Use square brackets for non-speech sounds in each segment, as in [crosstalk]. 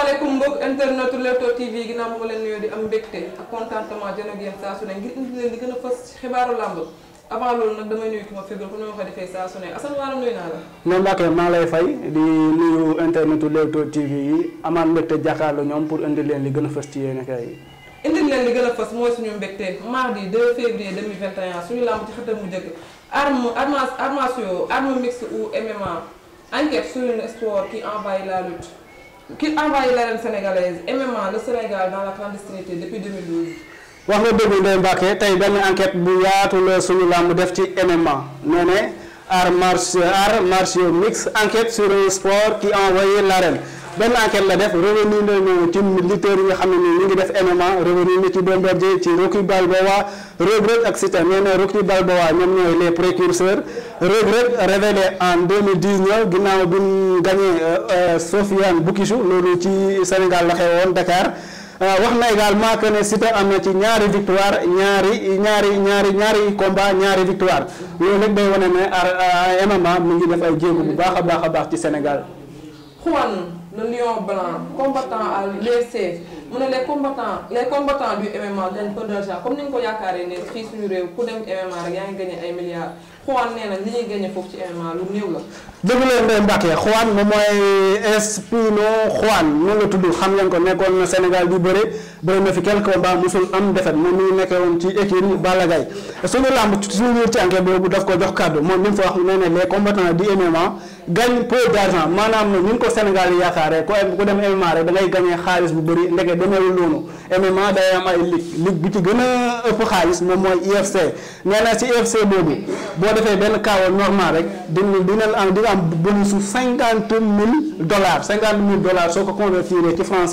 asalaamaaleykum mbokk internet Leewtoo TV ginnaaw ma leen nuyoo di am mbégte ak contentement jën ak saa su ne ngir indi leen li gën a fës ci xibaaru làmb avant loolu nag damay nuyu ki ma fegal ko ni ma ko defee saa su ne Assane nuyu naa la. ñoom maa lay fay di nuyu internetu Leewtoo TV yi amaat mbégte jàkkaarloo ñoom pour indi leen li gën a fës ci yéen kay yi. leen li gën a fës mooy suñu mbégte mardi 2 février 2021 suñu làmb ci xëtam mu njëkk la qui envahit l'arène sénégalaise MMA le Sénégal dans la clandestinité depuis 2012. wax nga dëgg Ndeye Mbacke tey benn enquête bu yaatu suñu làmb def ci MMA nee ne art martiaux art mix enquête sur un sport qui envahit l'arène benn enquête la def revenu nañu ci lutteurs yi nga xam ne nii ñu ngi def MMA revenu na ci Bombardier ci Rocky Balboa Reug ak Siteu nee na Rocky Balboa ñoom ñooy les précurseurs Reug en ginnaaw bi mu euh, euh, Sofiane Boukissou loolu ci Sénégal la xewoon Dakar euh, wax na également que ne Siteu am na ci ñaari victoire ñaari ñaari ñaari ñaari combat ñaari victoire loolu rek day wane ne MMA mu ngi def ay jéego bu baax a baax a baax ci Sénégal. le lion blanc combattant à l'UFC mu ne les combattants les combattants du MMA gagnent peu d'argent comme ni nga ko yaakaaree ne fii suñu réew ku dem MMA rek yaa ngi gagné ay milliards Juan nee na li ñuy gagné foofu ci MMA lu néew la. dëgg la Ndeye Mbacke Juan moom mooy Espino Juan noonu la tudd xam ngeen ko nekkoon na Sénégal di bëre. bëri na fi quelque combat musul am defet moom mi nekkee woon ci écurie Balla Gaye suñu làmb toujours ci enquête boobu daf ko jox kàddu moom li mu fa wax nee ne les combattants du MMA gagnent peu d'argent maanaam ñun ko Sénégal yaakaar yaakaaree ko ku dem MMA rek da ngay xaalis bu bëri ndeke demeewul noonu MMA day am ay ligue bi ci gën a ëpp xaalis moom mooy UFC nee si ci UFC boobu boo defee benn kaawa normal rek dina dina am dina am bonus su cinquante mille dollars cinquante mille dollars soo ko convertir ci franc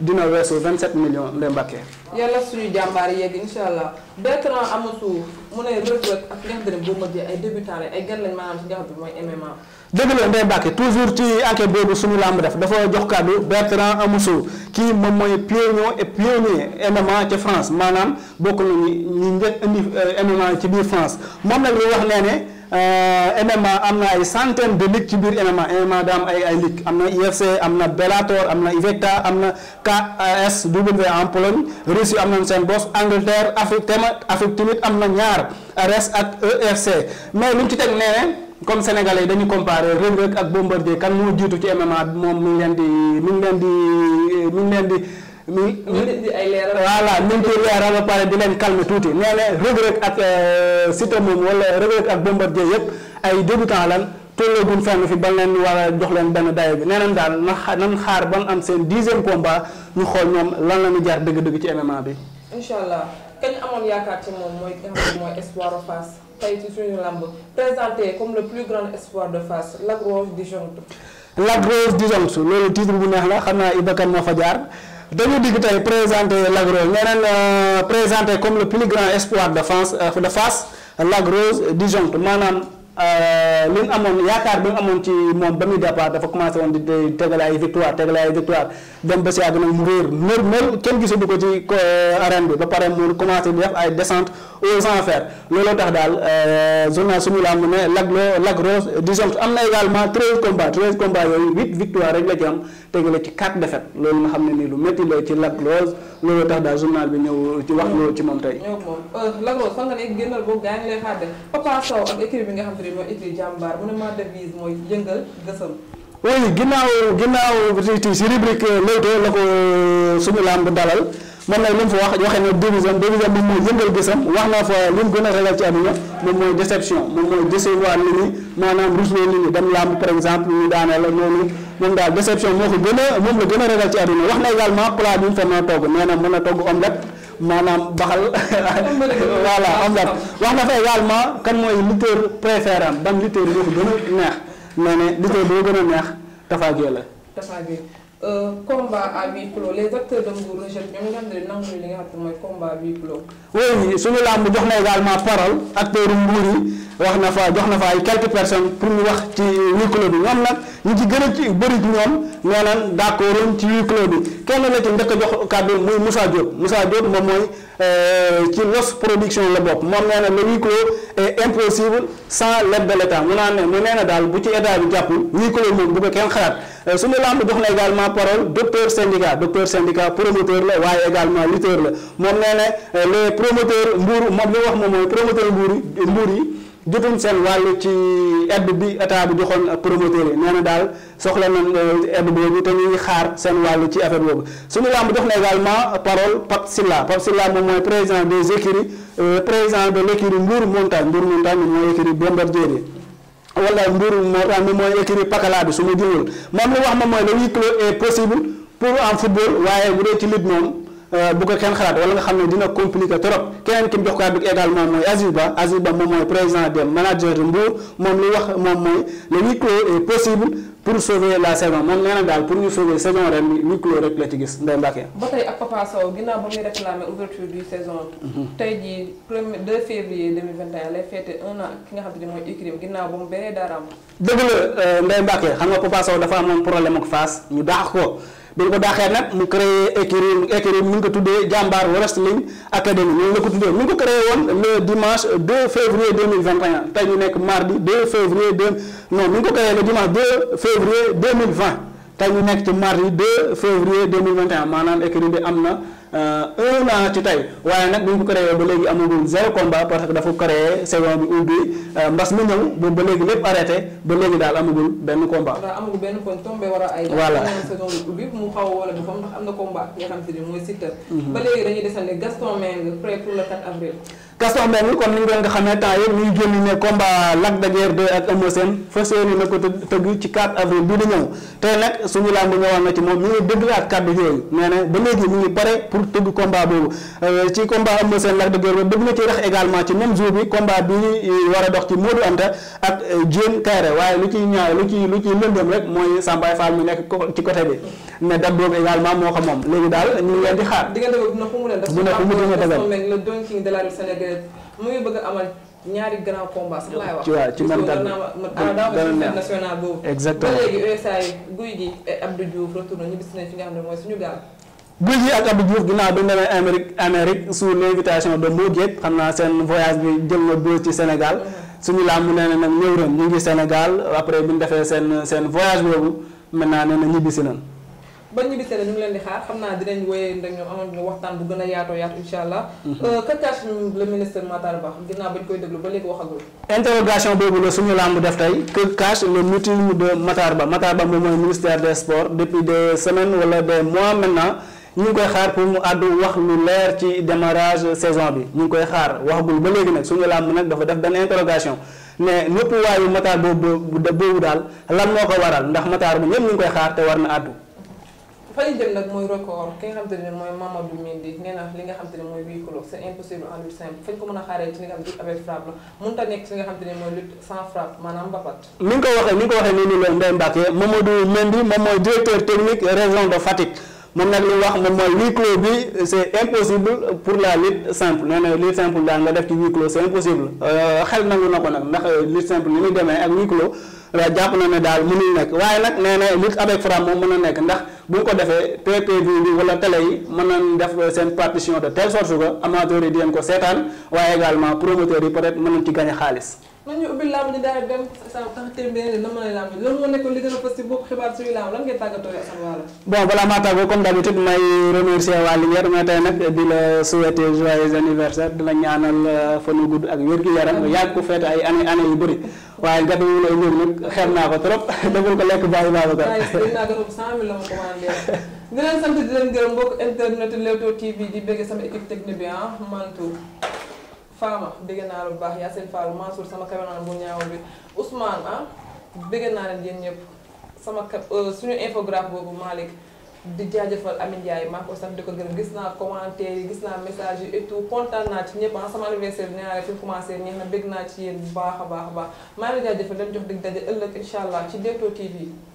dina weesu 27 millions lay mbàkkee. yàlla suñu jàmbaar yeeg incha allah Bertrand Amadou mu ne Reug Reug ak Ngath Déme Bombardier ay débutants ay gan maanaam ci nga bi mooy MMA. dëgg la Ndeye toujours ci enquête boobu suñu làmb def dafa jox kàddu Bertrand Amuso kii moom mooy pionnier et pionnier MMA France maanaam bokk nañu ñi njëkk indi euh, MMA ci biir France moom nag li wax nee ne Euh, MMA am na ay centaine de ligue ci biir MMA MMA daa ay ay am na UFC am na Bellator am na Invicta am na KSW en Pologne Russie am nañ seen boss Angleterre Afrique tamit Afrique tamit am na ñaar RS ak EFC mais lu mu ci teg nee comme sénégalais yi dañu comparé Reug Reug ak Bombardier kan moo jiitu ci MMA moom mi leen di mi leen di mi leen di mi ngi ay leeral a mi ngi pare di leen calmer tuuti nee na Reug Reug ak euh, Siteu moom wala Reug Reug ak yëpp ay débutant lan tolloo gun fenn fi ban leen war a jox leen benn dayo bi nee nañ daal nan xaar ba am seen dixième combat ñu xool ñoom lan la ñu jaar dëgg-dëgg ci MMA bi. incha allah kañ amoon yaakaar ci moom mooy ki nga espoir de Fass tey ci suñu lamb présenté comme le plus grand espoir de Fass Lac Rose Dijon. Lac loolu titre bu neex la xam naa Ibakan moo dañu digg tey présenté Lac Rose nee euh, comme le plus grand espoir de France euh, de Fass Lac Rose disjoncte maanaam euh, li mu amoon yaakaar bi mu amoon ci moom ba muy départ dafa commencé woon di tegale ay victoire tegale ay victoire dem ba si àgg nag mu réer nër nër kenn gisatu ko ci arène bi ba pare mu commencé di def ay descente aux enfers looloo tax daal euh, journal suñu làmb ne Lac am na également treize combats treize combats yooyu huit victoire rek la ci am tegale ci quatre défaites loolu nga xam ne nii lu métti la ci Lac Rose looloo tax daal journal bi ñëw ci wax loolu ci moom tey. Euh, Lac Rose fan nga nekk génnal boobu gaa ngi lay xaar Papa Sow ak bi nga xam te ne mooy équipe jàmbaar mu ne ma devise mooy yëngal gësam. oui ginnaaw ginnaaw ci rubrique euh, Leewtoo la ko suñu làmb dalal. man nag li mu fa wax waxee na dérision dérision moom mooy yëngal gisam wax na fa li gën a ragal ci àdduna moom mooy déception moom mooy maanaam rusloo nit ñi dem làmb par exemple ñu daaneel la moom daal déception moo ko gën a moom la gën a ragal ci àdduna wax na également plat bi mu fa mën a togg nee na a togg omelette maanaam baxal [laughs] voilà omelette wax na fa également kan mooy lutteur préféré am ban lutteur moo ko gën a neex nee na lutteur boo gën a neex Tapha Gueye la Euh, combat à huis clos les acteurs de Mbour rejettent ñoom ñoo xam ne nanguñu li nga xam mooy combat à huis clos. oui suñu làmb jox na également parole acteurs Mbour yi wax na fa jox na fa ay quelques personnes pour ñu wax ci huis clos bi ñoom nag ñu ci gën a ci bëri ci ñoom ñoo naan d' accord ci huis clos bi kenn la ci njëkk a jox kàddu muy Moussa Diop Moussa Diop moom mooy euh, ci Los Production la bokk moom nee na le huis clos impossible. sans l'aide de l'État mu naan ne mu nee daal bu ci état bi jàppul ñii ko moom bu ko kenn xalaat euh, suñu lamb jox na également parole docteur syndicat docteur syndicat promoteur la waaye également lutteur la moom nee na euh, les promoteurs mbuur moom li wax moom mooy promoteur mbuur mbuur yi jotuñ seen wàll ci aide bi état bi joxoon ak promoteur yi nee na daal soxla nañ euh, aide boobu te ñuy xaar seen wàll ci affaire boobu suñu làmb jox na également parole Pape Silla Pape Silla moom mooy président des écuries euh, président de l'écurie Mbour Montagne Mbour Montagne mooy écurie Bombardier bi wala Mbour Montagne moom mooy écurie Pakala su ma jumul moom li wax ma mooy le huis clos est possible pour en football waaye bu dee ci lutte moom Euh, bu ko kenn xalaat wala nga xam ne dina compliqué trop keneen ki mu jox kàddu également mooy Aziz Ba Aziz Ba moom mooy président des managers de Mbour moom li wax moom mooy le huis clos est possible pour sauver la saison moom nee na daal pour ñu sauver saison ren bi huis clos rek la ci gis Ndeye Mbacke. ba tey ak Papa Sow ginnaaw ba muy réclamer ouverture du mhm. dëgg la euh, Ndeye Mbacke xam nga Papa Sow dafa amoon problème ak Fass ñu daax ko. dañ ko daaxee nag mu créé écurie écurie mu ngi ko tuddee Jambar Wrestling Academy ñooñu la ko tuddee mu ngi ko créé woon le dimanche 2 février 2021 ñu nekk mardi 2 février 2 non mu ngi ko créé le dimanche 2 février 2020 tey ñu nekk ci mardi 2 février 2021 maanaam bi am na. Euh, un an ci tey waaye nag bu ñu ko créé ba léegi amagul zéro combat parce que dafa créé saison bi ubbi euh, mbas mi ñëw boobu ba léegi lépp arrêté ba léegi daal amagul benn combat. voilà amagul benn kon tombé war a mu xaw a wala am na combat nga xam te ne mooy Siteu. Mhm. ba léegi dañuy desandi Gaston Mbengue prêt pour le 4 avril. Gaston Mbengue kon ni ñu doon nga xamee temps yëpp ñu génn ne combat Lac de Guiers 2 ak Eumeu Sène fas yéene na ko tëgg ci 4 avril bii di ñëw tey nag suñu làmb ñëwoon na ci moom mi ngi dëgg ak kàddu yooyu nee na dem tëgg combat boobu euh, ci combat Eumeu Sène Lac de bëgg na ci rax également ci même jour bi combat bi war a dox ci Modou Anta ak euh, Diène Kaïré waaye lu ci ñaaw lu ci lu ciy lëndëm rek mooy Sambaay Fall mi nekk ci côté bi ne date boobu également moo ko moom léegi daal ñu ngi leen di xaar. dina xumu leen def. dina xumu dina tegal le Don King de bëgg amal ñaari grand combat sax laay wax. waaw ci man dal ah, national boobu. exactement gi Abdou Diouf retourné ñu bis nañ fi nga xam ne mooy suñu gaal. Guy ak Abdou Diouf ginnaaw bi ñu demee Amérique Amérique sous l'invitation de Mo Gates xam naa seen voyage bi jël na buzz ci Sénégal suñu làmb nee na nag ñëw ren ñu ngi Sénégal après ñu defee seen seen voyage boobu maintenant nee na ñibbisi nañ. ba ñibbisee la xam naa dinañ wéyee ndax ñoom amoon ñu a yaatoo yaatu incha allah. Mhm. Euh, que cache le ministre Matar Ba ba ñu koy déglu ba léegi waxagul. interrogation boobu la suñu làmb def tey que cache le meeting de Matar Ba Matar Ba moom mooy ministère des sports depuis des semaines wala des mois maintenant. ñu ngi koy xaar pour mu wax lu leer ci démarrage saison bi ñu ngi koy xaar waxagul ba léegi nag suñu làmb nag dafa def benn interrogation mais ñëpp waayu Matar boobu boobu daal lan moo ko waral ndax Matar bu ñëpp ñu ngi koy xaar te na àddu. fa ñu jëm nag mooy record ki nga xam ne mooy Mamadou Mendy nee na li nga xam a xaaree ci li nga xam te ne ko waxee ni nga ko waxee nii nii la Ndeye Mbacke Mamadou Mendy directeur technique région de Fatick. moom nag li wax moom mooy huis clos bi c' est impossible pour la lutte simple nee na lutte simple daal nga def ci huis clos c' est impossible euh, xel nangu na ko nag ndax euh, lutte simple ni mu demee ak huis clos jàpp na ne daal mënul nekk waaye nag nee na lutte avec Fra moom mën a nekk ndax bu ñu ko defee PPV bi wala télé yi mën nañ def euh, seen partition de telle sorte ko amateurs yi di leen ko seetaan waaye également promoteurs yi peut-être mën nañ ci xaalis. man ñu ubbi làmb ji daal dem saa tax téeméeri na mën a làmb loolu moo nekkoon li gën a fës ci bopp xibaar suñu làmb lan ngay tàggatoo ak wàll. bon balaa maa tàggoo comme d'habitude may remercier waa Linguère mais tey nag di la souhaiter anniversaire di ñaanal euh, fanu gudd ak wér gu yaram yàgg ko feete ay année année yu bëri waaye gàtt yu lay ñëw nag xeer naa ko trop [laughs] déglu ko lekk bàyyi baax a baax. waaye dinaa gërëm la ma ko mën a leen sant di leen gërëm mbokk internet Fama bëgg naa lu baax baax seen Fall Mansour sama caméraman bu ñaawal bi Ousmane ah bëgg naa leen yéen ñëpp sama euh, suñu infographe boobu Malick di jaajëfal Amin Ndiaye maa ko sant di ko gërëm gis naa commentaire yi gis naa message yi et tout naa ci ñëpp ah sama anniversaire bi nee mu commencé ñeex na bëgg naa ci yéen bu baax a baax a baax maa ngi la jaajëfal leen jox dig daje ëllëg incha allah ci Leewtoo TV.